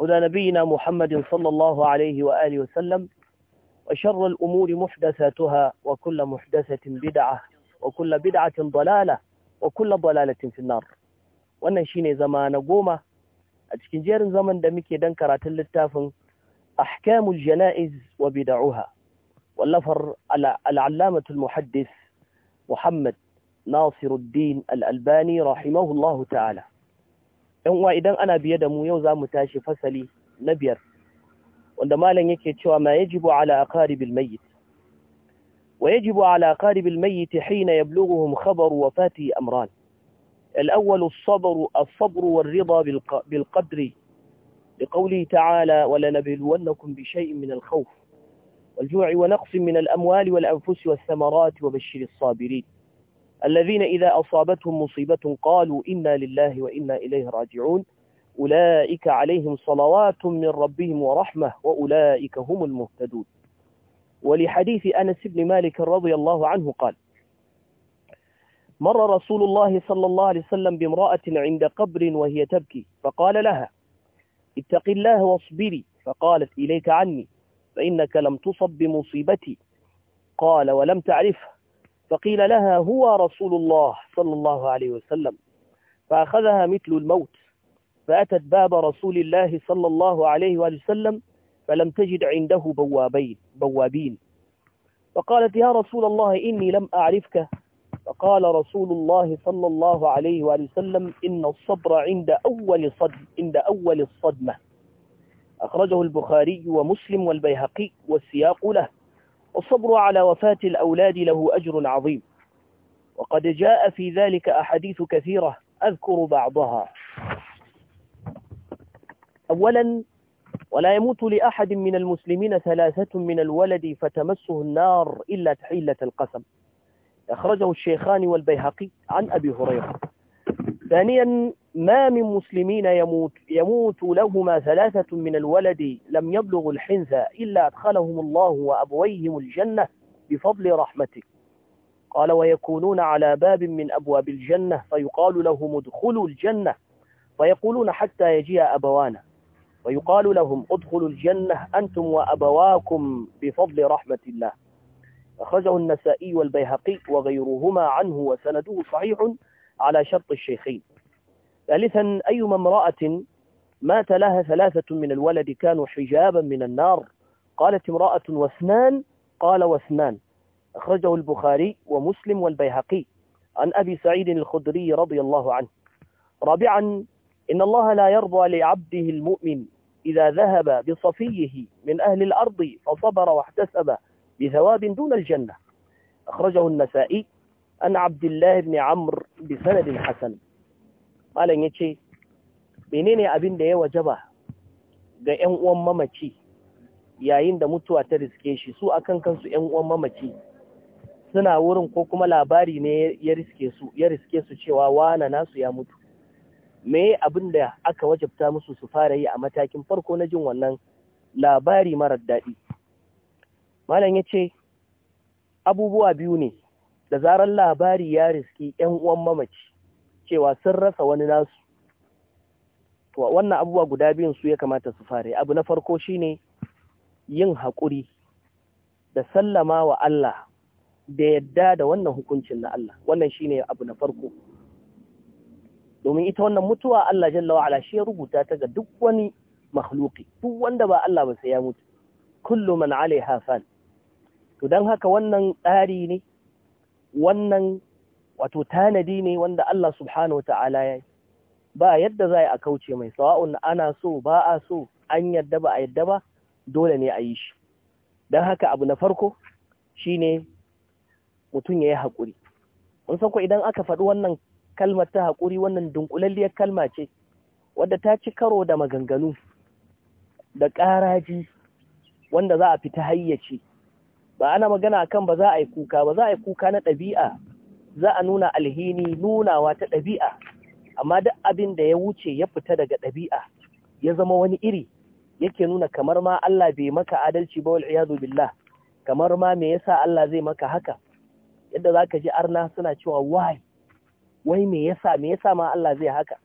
هدى نبينا محمد صلى الله عليه وآله وسلم وشر الأمور محدثاتها وكل محدثة بدعة وكل بدعة ضلالة وكل ضلالة في النار ونشين زمان قومة أتكين جيرن زمن دميكي دنكرة للتافن أحكام الجنائز وبدعوها واللفر على العلامة المحدث محمد ناصر الدين الألباني رحمه الله تعالى ‘yan uwa idan ana biye da mu yau za mu tashi fasali na biyar, wanda malam yake cewa ma yajibu ala aqaribil mayyit. Wa yajibu ala aqaribil mayyit hina yablughuhum khabar wafati amran. الأول الصبر الصبر والرضا بالقدر لقوله تعالى ولنبلونكم بشيء من الخوف والجوع ونقص من الأموال والأنفس والثمرات وبشر الصابرين الذين إذا أصابتهم مصيبة قالوا إنا لله وإنا إليه راجعون أولئك عليهم صلوات من ربهم ورحمة وأولئك هم المهتدون ولحديث أنس بن مالك رضي الله عنه قال مر رسول الله صلى الله عليه وسلم بامرأة عند قبر وهي تبكي فقال لها اتق الله واصبري فقالت إليك عني فإنك لم تصب بمصيبتي قال ولم تعرفه فقيل لها هو رسول الله صلى الله عليه وسلم فأخذها مثل الموت فأتت باب رسول الله صلى الله عليه وسلم فلم تجد عنده بوابين بوابين فقالت يا رسول الله إني لم أعرفك فقال رسول الله صلى الله عليه وسلم إن الصبر عند أول صدم عند أول الصدمة أخرجه البخاري ومسلم والبيهقي والسياق له والصبر على وفاة الأولاد له أجر عظيم وقد جاء في ذلك أحاديث كثيرة أذكر بعضها أولا ولا يموت لأحد من المسلمين ثلاثة من الولد فتمسه النار إلا تحيلة القسم أخرجه الشيخان والبيهقي عن أبي هريرة ثانيا ما من مسلمين يموت يموت لهما ثلاثة من الولد لم يبلغ الحنث إلا أدخلهم الله وأبويهم الجنة بفضل رحمته قال ويكونون على باب من أبواب الجنة فيقال لهم ادخلوا الجنة فيقولون حتى يجيء أبوانا ويقال لهم ادخلوا الجنة أنتم وأبواكم بفضل رحمة الله أخرجه النسائي والبيهقي وغيرهما عنه وسنده صحيح على شرط الشيخين ثالثا أيما امرأة مات لها ثلاثة من الولد كانوا حجابا من النار قالت امرأة واثنان قال واثنان أخرجه البخاري ومسلم والبيهقي عن أبي سعيد الخدري رضي الله عنه رابعا إن الله لا يرضى لعبده المؤمن إذا ذهب بصفيه من أهل الأرض فصبر واحتسب بثواب دون الجنة أخرجه النسائي عن عبد الله بن عمرو بسند حسن قال نيتشي menene abin da ya wajaba ga 'yan uwan mamaci yayin da mutuwa ta riske shi su a kan kansu 'yan uwan mamaci suna wurin ko kuma labari ne ya riske su ya riske su cewa wana nasu ya mutu me abin da aka wajabta musu su fara yi a matakin farko na jin wannan labari marar daɗi malam ya ce abubuwa biyu ne da zarar labari ya riske 'yan uwan mamaci cewa sun rasa wani nasu to wannan abubuwa guda biyun su ya kamata su fare abu na farko shine yin haƙuri da sallama wa Allah da yadda da wannan hukuncin na Allah wannan shine abu na farko domin ita wannan mutuwa Allah jalla wa ala shi ya rubuta ta ga duk wani makhluqi duk wanda ba Allah ba sai ya mutu kullu man alaiha fan to dan haka wannan tsari ne wannan wato tanadi ne wanda Allah subhanahu wa ta'ala ya yi ba yadda za a kauce mai sawa'un ana so ba a so an yadda ba a yadda ba dole ne a yi shi don haka abu na farko shine mutum ya yi haƙuri mun san ko idan aka faɗi wannan kalmar ta haƙuri wannan dunkulalliyar kalma ce wadda ta ci karo da maganganu da ƙaraji wanda za a fita hayyaci ba ana magana akan ba za a yi kuka ba za a yi kuka na ɗabi'a za a nuna alhini nunawa ta ɗabi'a amma duk abin da ya wuce ya fita daga ɗabi'a ya zama wani iri yake nuna kamar ma Allah bai maka adalci ba wal iyadu billah kamar ma me yasa Allah zai maka haka yadda zaka ji arna suna cewa wai wai me yasa me yasa ma Allah zai haka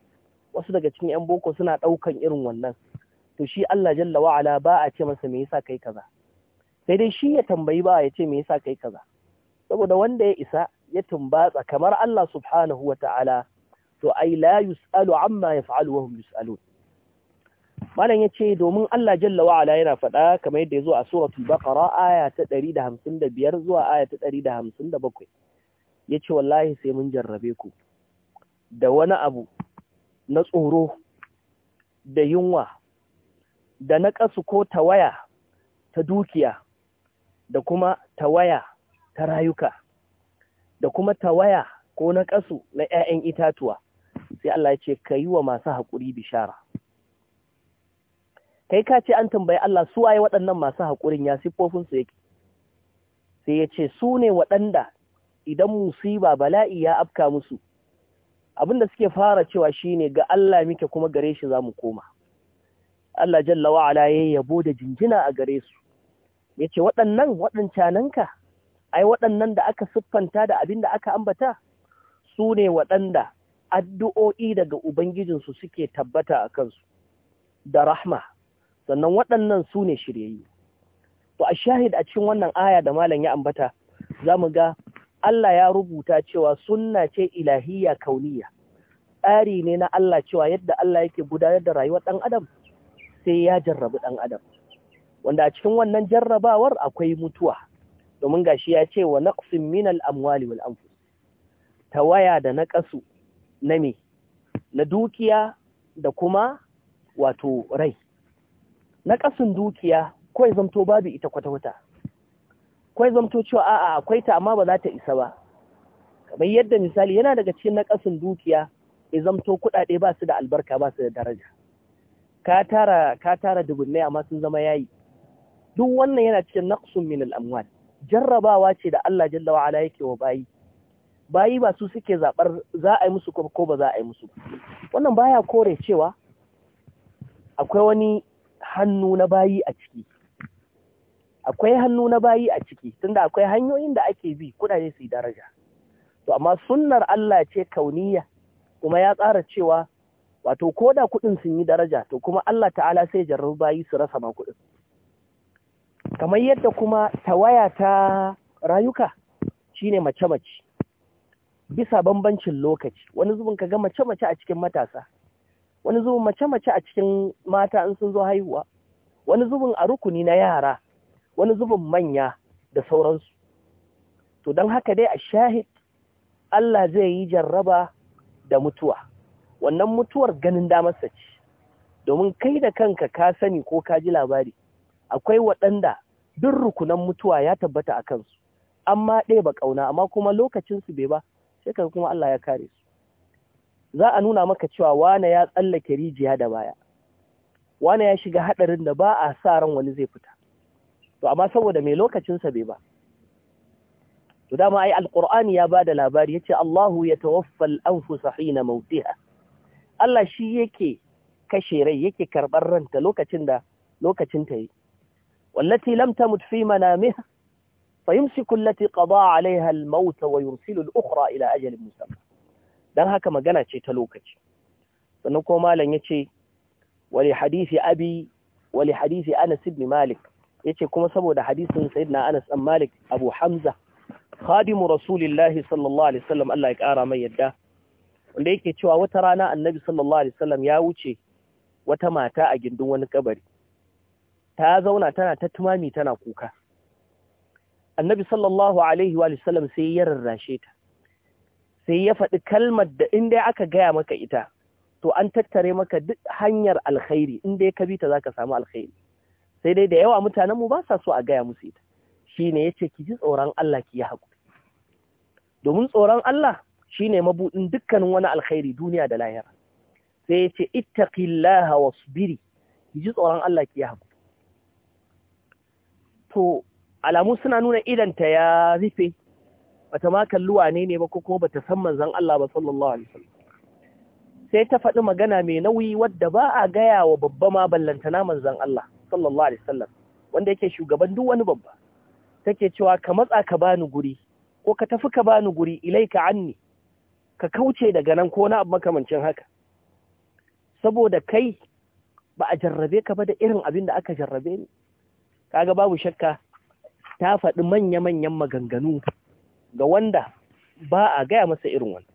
wasu daga cikin yan boko suna ɗaukan irin wannan to shi Allah jalla wa ala ba a ce masa me yasa kai kaza sai dai shi ya tambayi ba ya ce me yasa kai kaza saboda wanda ya isa ya tumbatsa kamar Allah subhanahu wa ta'ala to ai la yus'alu amma yaf'alu wa hum yus'alun malam yace domin Allah jalla wa ala yana faɗa kamar yadda yazo a suratul baqara aya ta 155 zuwa aya ta 157 yace wallahi sai mun jarrabe ku da wani abu na tsoro da yunwa da na ƙasu ko tawaya ta dukiya da kuma ta waya ta rayuka da kuma ta waya ko na ƙasu na ‘ya'yan itatuwa sai Allah ya ce ka yi wa masu haƙuri bishara kai ka ce an tambayi Allah su waye waɗannan masu haƙurin ya siffofin su yake sai ya ce su ne waɗanda idan musiba bala'i ya afka musu abinda suke fara cewa shine ga Allah muke kuma gare shi za mu koma Allah jalla wa ala ya yabo da jinjina a gare su yace waɗannan waɗancananka ai waɗannan da aka siffanta da abin da aka ambata su ne waɗanda addu'o'i daga Ubangijinsu suke tabbata a kansu da rahma, sannan waɗannan su ne shiryayi. To, a shahid a cikin wannan aya da malam ya ambata, za mu ga Allah ya rubuta cewa sunna ce ilahiyya kauniya, tsari ne na Allah cewa yadda Allah yake gudanar da rayuwar ɗan Adam sai ya jarrabi ɗan Adam. Wanda a cikin wannan jarrabawar akwai mutuwa, domin gashi ya ce wa naqsin minal amwali wal Ta waya da ƙasu na me na dukiya da kuma wato rai na ƙasin dukiya kawai zamto babu ita kwata-kwata kawai zamto cewa a'a akwai ta amma ba za ta isa ba kamar yadda misali yana daga cikin na ƙasin dukiya ya zamto kuɗaɗe ba su da albarka ba su da daraja ka tara ka tara dubunnai amma sun zama yayi duk wannan yana cikin naqsun min al-amwal jarrabawa ce da Allah jalla wa ala yake wa bayi bayi ba su suke zaɓar za a yi musu ko ba za a yi musu wannan baya kore cewa akwai wani hannu na bayi a ciki akwai hannu na bayi a ciki tunda akwai hanyoyin da ake bi kudade su yi daraja to amma sunnar Allah ce kauniya kuma ya tsara cewa wato ko da kudin sun yi daraja to kuma Allah ta'ala sai jarar bayi su rasa ma kudin kamar yadda kuma tawaya ta rayuka shine mace-mace bisa bambancin lokaci wani zubin ka ga mace-mace a cikin matasa wani zubin mace-mace a cikin mata in sun zo haihuwa wani zubin a rukuni na yara wani zubin manya da sauransu to don haka dai a shahid Allah zai yi jarraba da mutuwa wannan mutuwar ganin damarsa ce domin kai da kanka ka sani ko ka ji labari akwai waɗanda duk rukunan mutuwa ya tabbata a kansu amma ɗaya ba ƙauna amma kuma lokacinsu bai ba sai kuma Allah ya kare su za a nuna maka cewa wane ya tsallake rijiya da baya wane ya shiga hadarin da ba a sa ran wani zai fita to amma saboda mai lokacinsa bai ba to dama ai alqur'ani ya ba da labari ya yace Allahu tawaffal an anfusa na mautiha Allah shi yake kashe rai yake karbar ranta lokacin da lokacin ta yi wallati lam tamut fi manamiha فيمسك التي قضى عليها الموت ويرسل الأخرى إلى أجل مسمى dan haka magana ce ta lokaci sannan ko malam yace wali hadisi abi wali hadisi Anas ibn Malik yace kuma saboda hadisin sayyidina Anas ibn Malik Abu Hamza khadimu rasulillahi sallallahu alaihi wasallam Allah ya kara mai yadda wanda yake cewa wata rana annabi sallallahu alaihi wasallam ya wuce wata mata a gindin wani kabari ta zauna tana ta tumami tana kuka annabi sallallahu alaihi wa sallam sai ya rarrashe ta sai ya faɗi kalmar da inda aka gaya maka ita to an tattare maka duk hanyar alkhairi inda ka bi ta zaka samu alkhairi sai dai da yawa mutanen mu ba sa so a gaya musu ita ya yace ki ji tsoron Allah ki yi hakuri domin tsoron Allah shine mabuɗin dukkanin wani alkhairi duniya da lahira sai yace ittaqillaha wasbiri ki ji tsoron Allah ki yi hakuri to alamu suna nuna idanta ya rufe bata ma kalluwa ne ne ba ko kuma bata san manzon Allah ba sallallahu alaihi wasallam sai ta faɗi magana mai nauyi wadda ba a gaya wa babba ma ballantana manzon Allah sallallahu alaihi wasallam wanda yake shugaban duk wani babba take cewa ka matsa ka bani guri ko ka tafi ka bani guri ilaika anni ka kauce daga nan ko na makamancin haka saboda kai ba a jarrabe ka ba da irin abin da aka jarrabe ni kaga babu shakka ta faɗi manya-manyan maganganu ga wanda ba a gaya masa irin wani.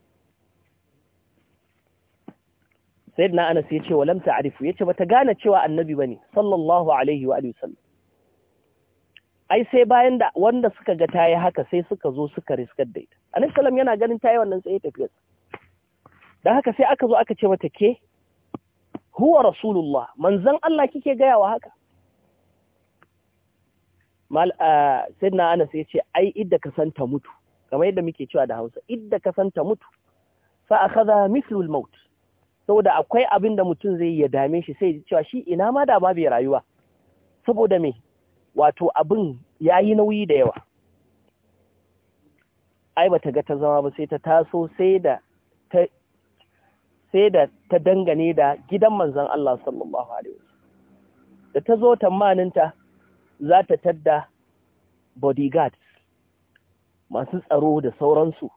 Sayyid na Anas ya ce wa lamta arifu ya ce ba ta gane cewa annabi ba ne, sallallahu Alaihi wa sallam. Ai sai bayan da wanda suka ga ta yi haka sai suka zo suka riskar da ita. Anas salam yana ganin ta yi wannan tsaye tafiyar. Da haka sai aka zo aka ce mata ke, huwa Rasulullah, manzan Allah kike gaya wa haka. mal sayyidina Anas ya ce ai idda ka santa mutu kamar yadda muke cewa da Hausa idda ka santa mutu fa akhadha mithlu al-maut saboda akwai abin da mutum zai ya dame shi sai cewa shi ina ma da babu bai rayuwa saboda me wato abin yayi nauyi da yawa ai bata ga ta zama ba sai ta taso sai da ta sai da ta dangane da gidan manzon Allah sallallahu alaihi wasallam da ta zo tamaninta za ta tadda bodyguards masu tsaro da sauransu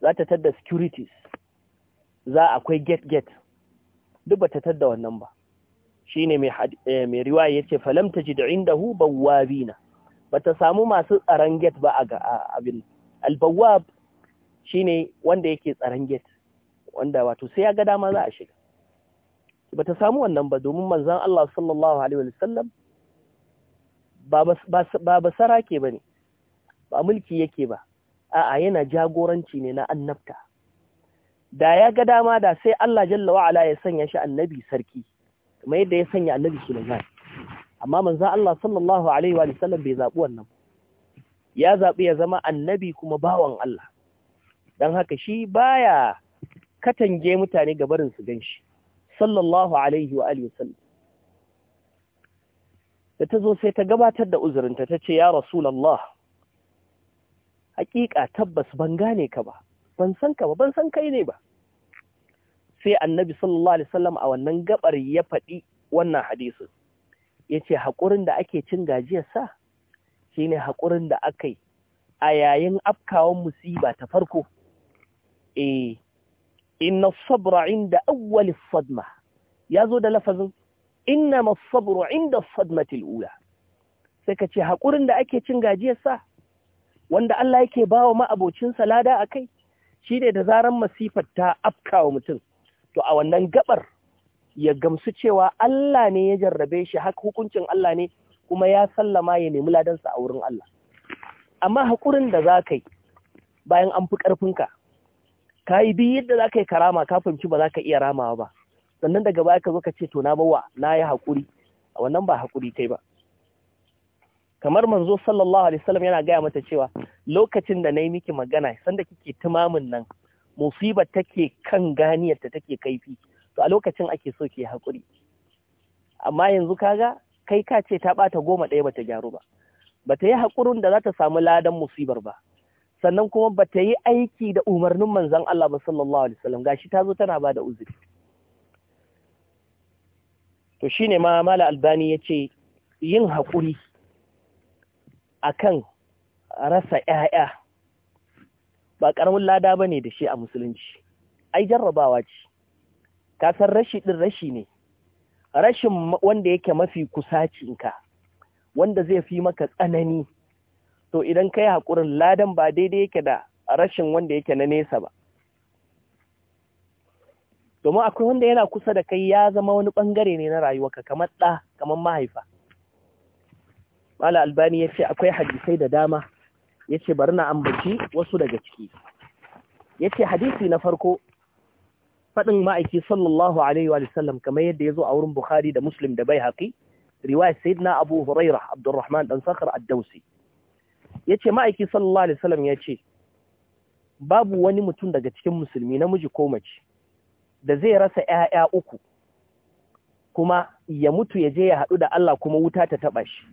za ta tadda securities za akwai gate-gate duk ba ta tadda wannan ba shi ne mai eh, riwaya ya ce falamta ji da inda hu na. ba ta samu masu tsaron gate ba a abin albawab shi ne wanda yake tsaron gate wanda wato sai ya ga dama za a shiga ba ta samu wannan ba domin manzan Allah sallallahu Alaihi wasallam ba basara ke ba ne ba mulki yake ba a'a yana jagoranci ne na annabta da ya ga dama da sai Allah jalla wa'ala ya sanya shi annabi sarki kuma yadda ya sanya annabi Sulaiman amma manzo Allah sallallahu alaihi wa sallam bai zabi wannan ya zabi ya zama annabi kuma bawan Allah dan haka shi baya katange mutane barin su ganshi sallallahu alaihi wa alihi sallam da ta zo sai ta gabatar da uzurinta ta ce ya rasulallah hakika tabbas ban gane ka ba ban san ka ba ban san kai ne ba sai annabi sallallahu alaihi wasallam a wannan gabar ya faɗi wannan hadisin yace hakurin da ake cin gajiyar sa shine hakurin da akai a yayin afkawan musiba ta farko eh inna sabra inda awwal sadma yazo da lafazin inna masabru inda sadmatil ula sai ka ce haƙurin da ake cin gajiyarsa wanda Allah yake ba wa ma'abocinsa lada a kai shi ne da zaran masifar ta afka wa mutum to a wannan gabar ya gamsu cewa Allah ne ya jarrabe shi haka hukuncin Allah ne kuma ya sallama ya nemi ladansa a wurin Allah amma haƙurin da za ka yi bayan an fi ƙarfinka ka yi yadda za ka yi karama kafin shi ba za ka iya ramawa ba sannan daga baya ka zo ka ce to na bawa na yi haƙuri a wannan ba haƙuri kai ba kamar manzo sallallahu alaihi wasallam yana gaya mata cewa lokacin da na yi miki magana sanda kike tumamin nan musibar take kan ganiyar ta take kaifi to a lokacin ake so ke haƙuri amma yanzu kaga kai ka ce ta bata goma ɗaya bata gyaru ba bata yi haƙurin da za ta samu ladan musibar ba sannan kuma bata yi aiki da umarnin manzon Allah ba sallallahu alaihi wasallam gashi ta zo tana ba da uzuri to ne ma mala albani ya ce yin hakuri kan rasa 'ya'ya ba ƙaramin lada ne da shi a musulunci ai jarrabawa ce ka rashi ɗin rashi ne rashin wanda yake mafi kusacinka wanda zai fi maka tsanani to idan ka yi haƙurin ladan ba daidai yake da rashin wanda yake na nesa ba domin akwai wanda yana kusa da kai ya zama wani bangare ne na rayuwarka kamar ɗa kamar mahaifa mala albani ya ce akwai hadisai da dama ya ce bari na ambaci wasu daga ciki ya ce hadisi na farko faɗin ma'aiki sallallahu alaihi wa sallam kamar yadda ya zo a wurin bukhari da muslim da bai haƙi riwayat na abu huraira abdurrahman dan sakar addausi ya ce ma'aiki sallallahu alaihi wa sallam ya ce babu wani mutum daga cikin musulmi namiji ko mace da zai rasa ‘ya'ya uku, kuma ya mutu ya je ya haɗu da Allah kuma wuta ta taɓa shi.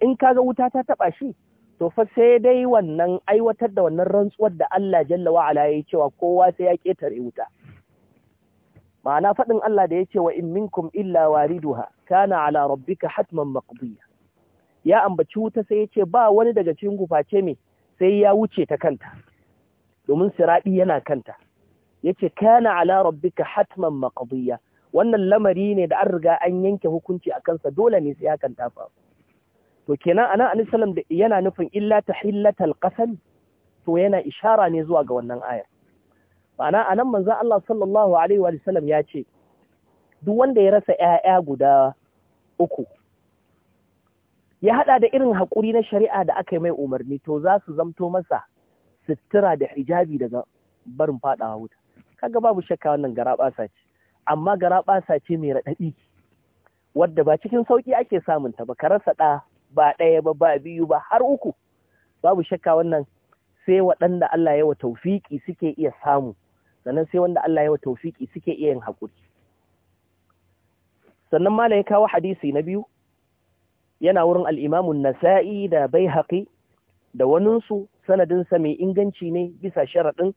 In kaga wuta ta taɓa shi, to fa sai dai wannan aiwatar da wannan rantsuwar da Allah jalla ala ya cewa kowa sai ya ƙetare wuta. Ma'ana faɗin Allah da ya ce wa in minkum illa wariduha kana ala rabbika hatman maqdiya. Ya ambaci wuta sai ya ce ba wani daga cikin guface mai, sai ya wuce ta kanta. Domin siraɗi yana kanta. yace kana ala rabbika hatman maqdiya wannan lamari ne da an riga an yanke hukunci a kansa dole ne sai hakan ta faru to kenan anan annabi sallam yana nufin illa tahillatal qasam to yana ishara ne zuwa ga wannan aya ma'ana anan manzo Allah sallallahu alaihi wa sallam ya ce duk wanda ya rasa ƴaƴa guda uku ya hada da irin hakuri na shari'a da aka yi mai umarni to za su zamto masa sitira da hijabi daga barin fadawa wuta kaga babu shakka wannan garaɓasa ce amma garaɓasa ce mai raɗaɗi wadda ba cikin sauƙi ake samun ta ba rasa ɗa ba ɗaya ba ba biyu ba har uku babu shakka wannan sai waɗanda Allah ya wa taufiki suke iya samu sannan sai wanda Allah ya wa taufiki suke iya yin haƙuri sannan mala ya kawo hadisi na biyu yana wurin al'imamun nasa'i da bai haƙi da waninsu sanadinsa mai inganci ne bisa sharaɗin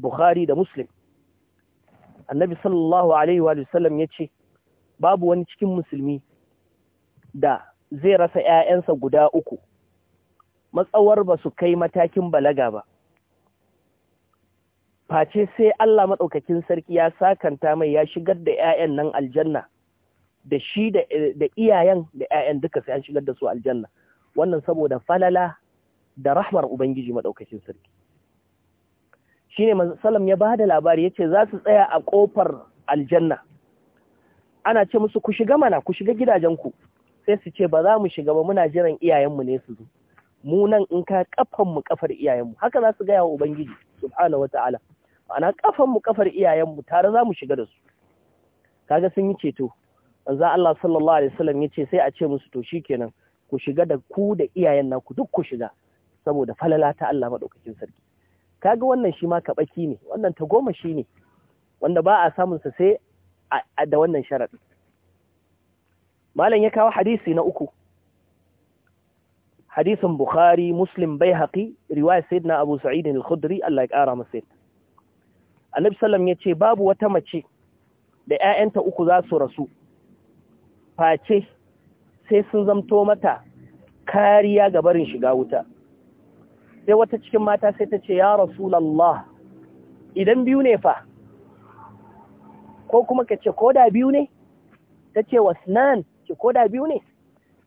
bukhari da muslim annabi sallallahu alaihi wa sallam ya ce babu wani cikin musulmi da zai rasa ‘ya'yansa guda uku matsawar ba su kai matakin balaga ba face sai Allah maɗaukakin sarki ya sakanta mai ya shigar da ‘ya'yan nan aljanna da shi da iyayen da ‘ya'yan duka sai an shigar da su aljanna wannan saboda falala da rahmar Ubangiji maɗaukakin sarki shine sallam ya da labari yace za su tsaya a kofar aljanna ana ce musu ku shiga mana ku shiga gidajenku sai su ce ba za mu shiga ba muna jiran iyayenmu ne su zo mu nan in ka kafan mu kafar iyayenmu haka za su gaya wa ubangiji subhanahu wataala ma'ana kafan mu kafar iyayenmu tare za mu shiga da su kaga sun yi ceto manzo Allah sallallahu alaihi wasallam yace sai a ce musu to shi kenan ku shiga da ku da iyayen naku duk ku shiga saboda falala ta Allah madaukakin sarki kaga wannan shi ma kaɓaki ne wannan ta goma shi ne wanda ba a samun sa sai da wannan sharaɗi malam ya kawo hadisi na uku hadisin bukhari muslim bai haƙi riwaya na abu sa'idin al-khudri allah ya ƙara masa annabi sallam ya ce babu wata mace da 'ya'yanta uku za su rasu face sai sun zamto mata kariya ga barin shiga wuta sai wata cikin mata sai ta ce ya rasulallah idan biyu ne fa ko kuma ka ce koda biyu ne ta ce wasnan ce koda biyu ne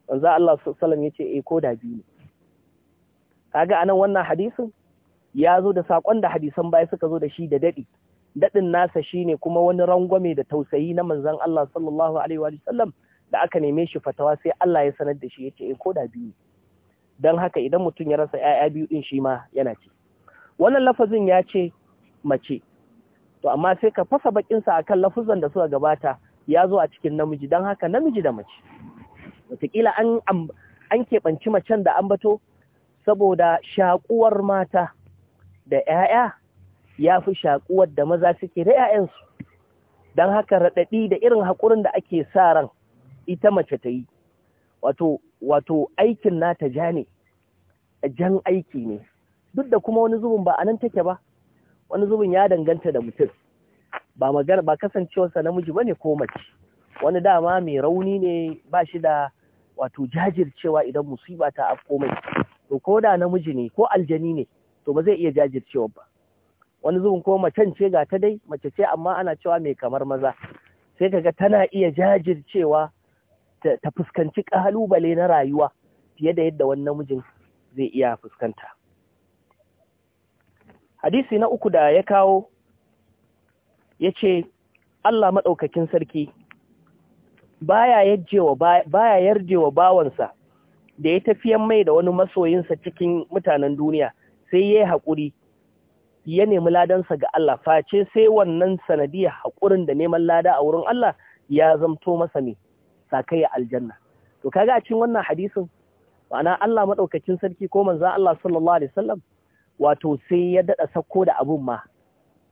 wanzu Allah sallam ya ce e eh, koda biyu ne kaga anan wannan hadisin ya zo da saƙon da hadisan baya suka zo da shi da daɗi daɗin nasa shine kuma wani rangwame da tausayi na manzan Allah sallallahu alaihi wa sallam da aka neme shi fatawa sai Allah ya sanar da shi ya ce e eh, koda biyu ne don haka idan mutum ya rasa ‘ya'ya biyu din shi ma yana ci. Wannan lafazin ya ce mace, to amma sai ka fasa bakinsa a kan lafuzan da suka gabata ya zo a cikin namiji don haka namiji da mace. Wataƙila an keɓanci macen da an bato saboda shaƙuwar mata da ‘ya'ya ya fi shaƙuwar da maza suke da ‘ya'yansu. Don haka raɗaɗi da irin haƙurin da ake sa ran ita mace ta yi. Wato, wato aikin na ta ja ne jan aiki ne duk da kuma wani zubin ba a nan take ba wani zubin ya danganta da mutum ba magana ba kasancewarsa namiji ba ne ko mace wani dama mai rauni ne ba shi da wato jajircewa idan musiba ta afko mai to ko da namiji ne ko aljani ne to ba zai iya jajircewa ba wani zubin ko macen ce ga ta dai mace ce amma ana cewa mai kamar maza sai kaga tana iya jajircewa ta fuskanci ƙalubale na rayuwa fiye da yadda wani namijin zai iya fuskanta. Hadisi na uku da ya kawo ya ce, Allah maɗaukakin sarki baya yarjewa bawansa da ya tafiyan mai da wani masoyinsa cikin mutanen duniya sai ya yi haƙuri ya nemi ladansa ga Allah face sai wannan sanadiyar haƙurin da neman lada a wurin Allah ya zamto masa ne sakayya aljanna to kaga a cikin wannan hadisin ma'ana Allah madaukakin sarki ko manzo Allah sallallahu alaihi wasallam wato sai ya daɗa sako da abun ma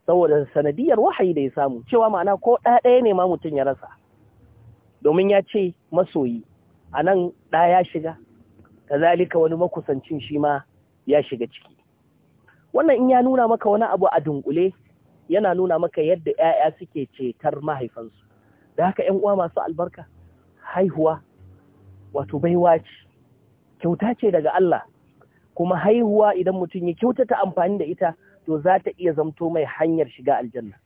saboda sanadiyar wahayi da ya samu cewa ma'ana ko ɗaya ne ma mutum ya rasa domin ya ce masoyi a nan ɗa ya shiga kazalika wani makusancin shi ma ya shiga ciki wannan in ya nuna maka wani abu a dunkule yana nuna maka yadda 'ya'ya suke cetar mahaifansu da haka 'yan uwa masu albarka haihuwa wato baiwa ce kyauta ce daga Allah kuma haihuwa idan mutum ya kyautata amfani da ita to za ta iya zamto mai hanyar shiga aljanna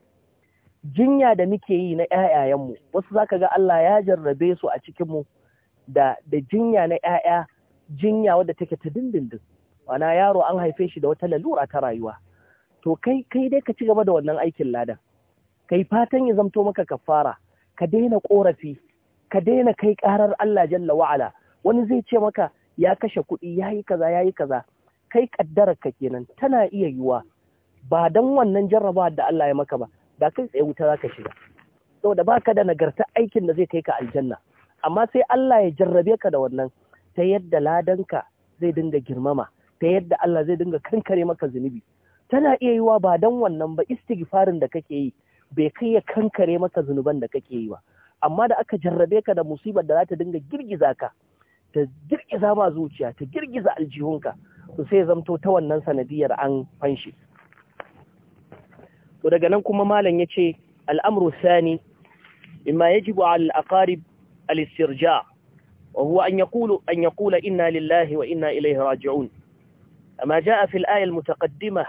jinya da muke yi na ‘ya'yayenmu wasu za ga Allah ya jarrabe su a cikinmu da da jinya na ‘ya'ya jinya wadda take ta dindindin wana yaro an haife shi da wata lalura ta rayuwa to kai kai dai ka ci gaba da wannan aikin ladan kai fatan ya zamto maka kafara ka daina korafi ka daina kai karar Allah jalla wa'ala wani zai ce maka ya kashe kuɗi ya yi kaza ya yi kaza kai ƙaddarar ka kenan tana iya yiwa ba don wannan jarrabawa da Allah ya maka ba da kai tsaye wuta za ka shiga saboda baka da nagarta aikin da zai kai ka aljanna amma sai Allah ya jarrabe ka da wannan ta yadda ladanka zai dinga girmama ta yadda Allah zai dinga kankare maka zunubi tana iya yiwa ba don wannan ba istighfarin da kake yi bai kai ya kankare maka zunuban da kake yi ba amma da aka jarrabe ka da musibar da za ta dinga girgiza ka ta girgiza ma zuciya ta girgiza aljihunka to sai zamto ta wannan sanadiyar an fanshi to daga nan kuma malam yace al'amru Sani, imma yajibu ala al-aqarib al-istirja wa huwa an yaqulu an yaqula inna lillahi wa inna ilayhi raji'un kama a fi al-aya al-mutaqaddimah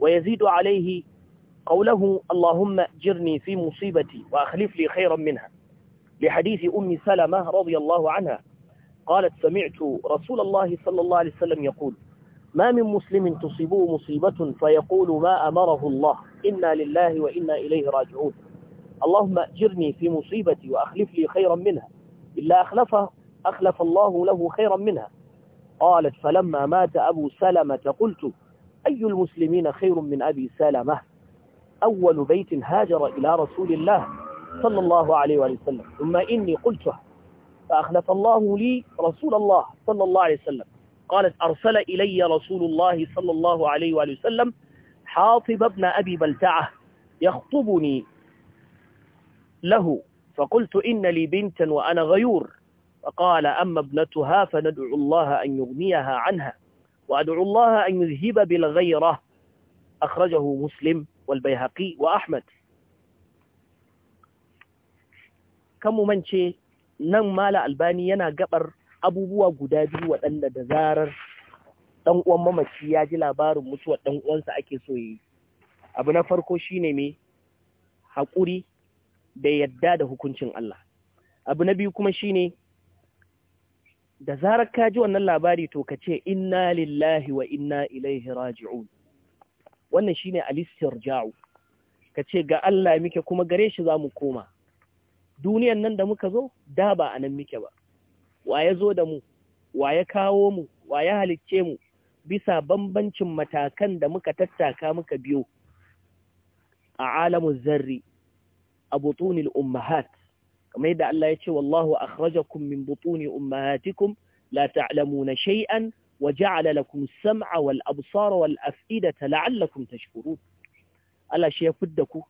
wa yazidu alayhi قوله اللهم جرني في مصيبتي وأخلف لي خيرا منها لحديث أم سلمة رضي الله عنها قالت سمعت رسول الله صلى الله عليه وسلم يقول ما من مسلم تصيبه مصيبة فيقول ما أمره الله إنا لله وإنا إليه راجعون اللهم أجرني في مصيبتي وأخلف لي خيرا منها إلا أخلفه أخلف الله له خيرا منها قالت فلما مات أبو سلمة قلت أي المسلمين خير من أبي سلمة أول بيت هاجر إلى رسول الله صلى الله عليه وآله وسلم ثم إني قلتها فأخلف الله لي رسول الله صلى الله عليه وسلم قالت أرسل إلي رسول الله صلى الله عليه وآله وسلم حاطب ابن أبي بلتعة يخطبني له فقلت إن لي بنتا وأنا غيور فقال أما ابنتها فندعو الله أن يغنيها عنها وأدعو الله أن يذهب بالغيرة أخرجه مسلم والبيهقي وأحمد kan mu mance nan mala albani yana gabar abubuwa guda biyu waɗanda da zarar ɗan uwan mamaci ya ji labarin mutuwar ɗan uwansa ake so yi abu na farko shine me haƙuri da yadda da hukuncin Allah abu na biyu kuma shine da zarar ka ji wannan labari to ka ce inna lillahi wa inna ilaihi raji'un wannan shine alistirja'u ka ce ga Allah muke kuma gare shi za mu koma duniyan nan da muka zo da ba a nan muke ba wa ya zo da mu wa ya kawo mu wa ya halicce mu bisa bambancin matakan da muka tattaka muka biyo a alamu zarri a butunil ummahat kamar yadda Allah ya ce wallahu akhrajakum min butuni ummahatikum la ta'lamuna shay'an wa ja'ala lakum sam'a wal absara wal af'idata la'allakum tashkurun Allah shi ya fidda ku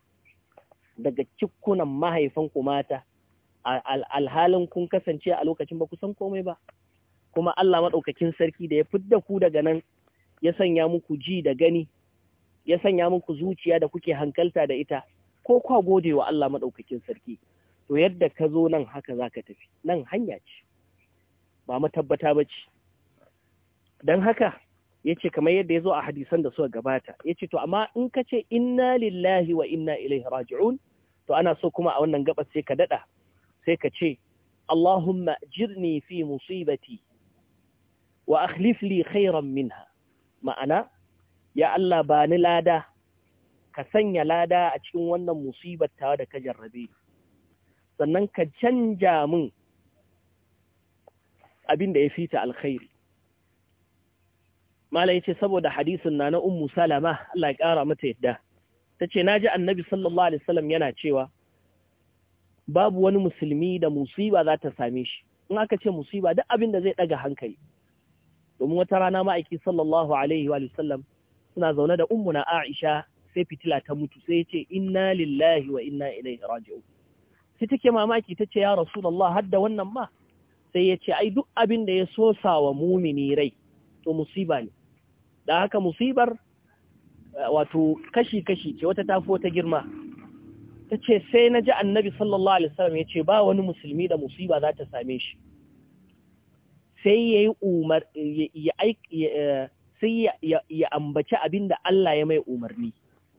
daga cikkunan mahaifanku mata alhalin kun kasance a lokacin ba ku san komai ba kuma Allah maɗaukakin sarki da ya fidda ku daga nan ya sanya muku ji da gani ya sanya muku zuciya da kuke hankalta da ita ko kwa gode wa Allah maɗaukakin sarki to yadda ka zo nan haka za ka tafi nan hanya ce ba mu tabbata ba ce don haka yace kamar yadda ya zo a hadisan da suka gabata Yace to amma in ka ce inna lillahi wa inna ilaihi raji'un to ana so kuma a wannan gaba sai ka dada sai ka ce Allahumma jirni fi musibati wa akhlif li khairan minha ma'ana ya Allah ba ni lada ka sanya lada a cikin wannan musibar tawa da ka jarrabe sannan ka canja min abin da ya fita alkhairi mala yace saboda hadisin na na ummu salama Allah ya kara mata yadda ta ce na ji annabi sallallahu alaihi wasallam yana cewa babu wani musulmi da musiba za ta same shi in aka ce musiba duk abin da zai daga hankali domin wata rana ma'aiki sallallahu alaihi wasallam suna zaune da ummuna Aisha sai fitila ta mutu sai ce inna lillahi wa inna ilaihi raji'un sai take mamaki ta ce ya rasulullah har da wannan ma sai ya ce ai duk abin da ya sosa wa mumini rai to musiba ne da haka musibar wato kashi-kashi ce wata tafi wata girma ta ce sai na ji annabi sallallahu alaihi wasallam ya ce ba wani musulmi da musiba za ta same shi sai ya yi umar sai ya ambaci abin da Allah ya mai umarni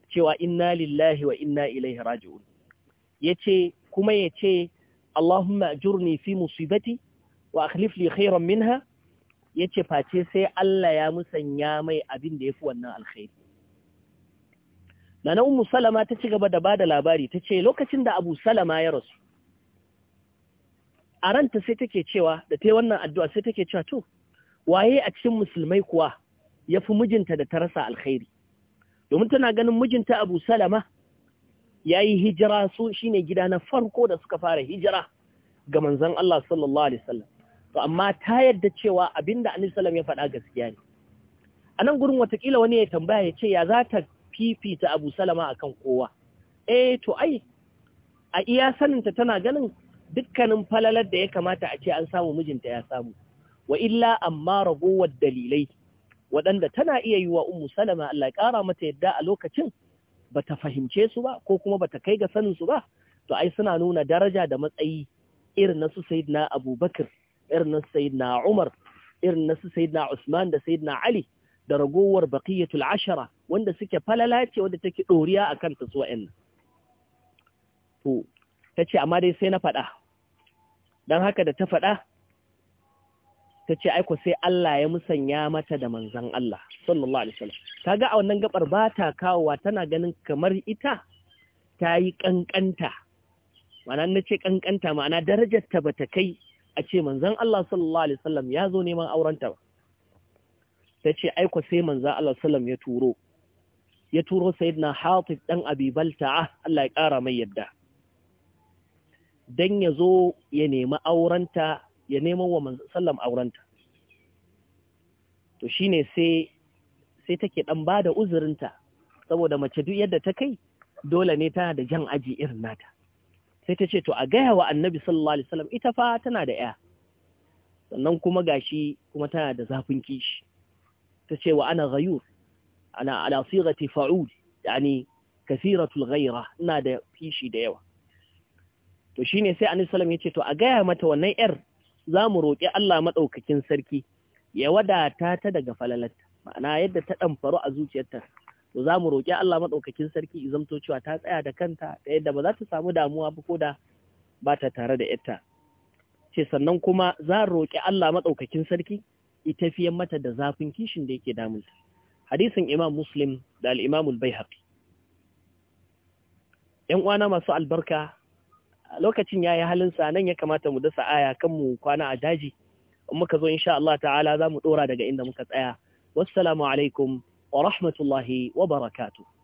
cewa inna lillahi wa inna ilaihi raji'un ya ce kuma ya ce Allahumma jurni fi musibati wa akhlif li khairan minha ya ce face sai Allah ya musanya mai abin da ya fi wannan alkhairi Nana Ummu Salama ta ci gaba da bada labari ta ce lokacin da Abu Salama ya rasu a ranta sai take cewa da ta wannan addu'a sai take cewa to waye a cikin musulmai kuwa ya fi mijinta da ta rasa alkhairi domin tana ganin mijinta Abu Salama ya yi hijira su shine gida na farko da suka fara hijira ga manzan Allah sallallahu alaihi wasallam to amma ta yadda cewa abinda Annabi sallallahu ya faɗa gaskiya ne a nan gurin watakila wani ya tambaya ya ce ya za ta fifita Abu Salama kan kowa E to ai a iya saninta tana ganin dukkanin falalar da ya kamata a ce an samu mijinta ya samu wa illa amma ragowar dalilai waɗanda tana iya yi wa umu salama Allah ya ƙara mata yadda a lokacin ba ta fahimce su ba ko kuma ba ta kai ga sanin su ba to ai suna nuna daraja da matsayi irin na su sayyidina Abubakar irin na Umar irin na su Usman da sayyidina Ali da ragowar baqiyatul ashara wanda suke falala ce wanda take doriya akan ta 'yan nan. to tace amma dai sai na faɗa dan haka da ta faɗa tace aiko sai Allah ya musanya mata da manzon Allah sallallahu alaihi wasallam kaga a wannan gabar ba ta kawowa tana ganin kamar ita ta yi kankanta ma'ana ce ƙanƙanta ma'ana darajar ta bata kai a ce manzon Allah sallallahu alaihi wasallam ya zo neman aurenta ba ta ce aiko sai manza Allah sallam ya turo ya turo sayyidina Hatib dan Abi Balta'a Allah ya kara mai yadda dan yazo zo ya nemi aurenta ya nemi wa manzo sallam aurenta to shine sai sai take dan bada uzurinta saboda mace duk yadda ta kai dole ne tana da jan aji irin nata sai ta ce to a gaya wa annabi sallallahu alaihi wasallam ita fa tana da ya sannan kuma gashi kuma tana da zafin kishi ta ce wa ana gayur ana alasira ta fa’ul yani kasiratul kasira Ina da fishi da yawa to shi ne sai anisalam ya ce to a gaya mata wannan ‘yar za mu roƙi Allah maɗaukakin sarki ya wadata ta daga falalat. ma’ana yadda ta faru a zuciyarta to za mu roƙi Allah maɗaukakin sarki izamto cewa ta tsaya da kanta da yadda ba za ta samu damuwa ba ko da ba ta tare da ‘yarta ce sannan kuma za roƙi Allah maɗaukakin sarki itafiyar mata da zafin kishin da yake damunta hadisin imam muslim da al'imamul bai ‘yan uwana masu albarka lokacin ya yi halinsa nan ya kamata mu dasa aya kan mu kwana a daji in muka zo insha Allah ta'ala za mu ɗora daga inda muka tsaya wassalamu alaikum wa rahmatullahi wa barakatuh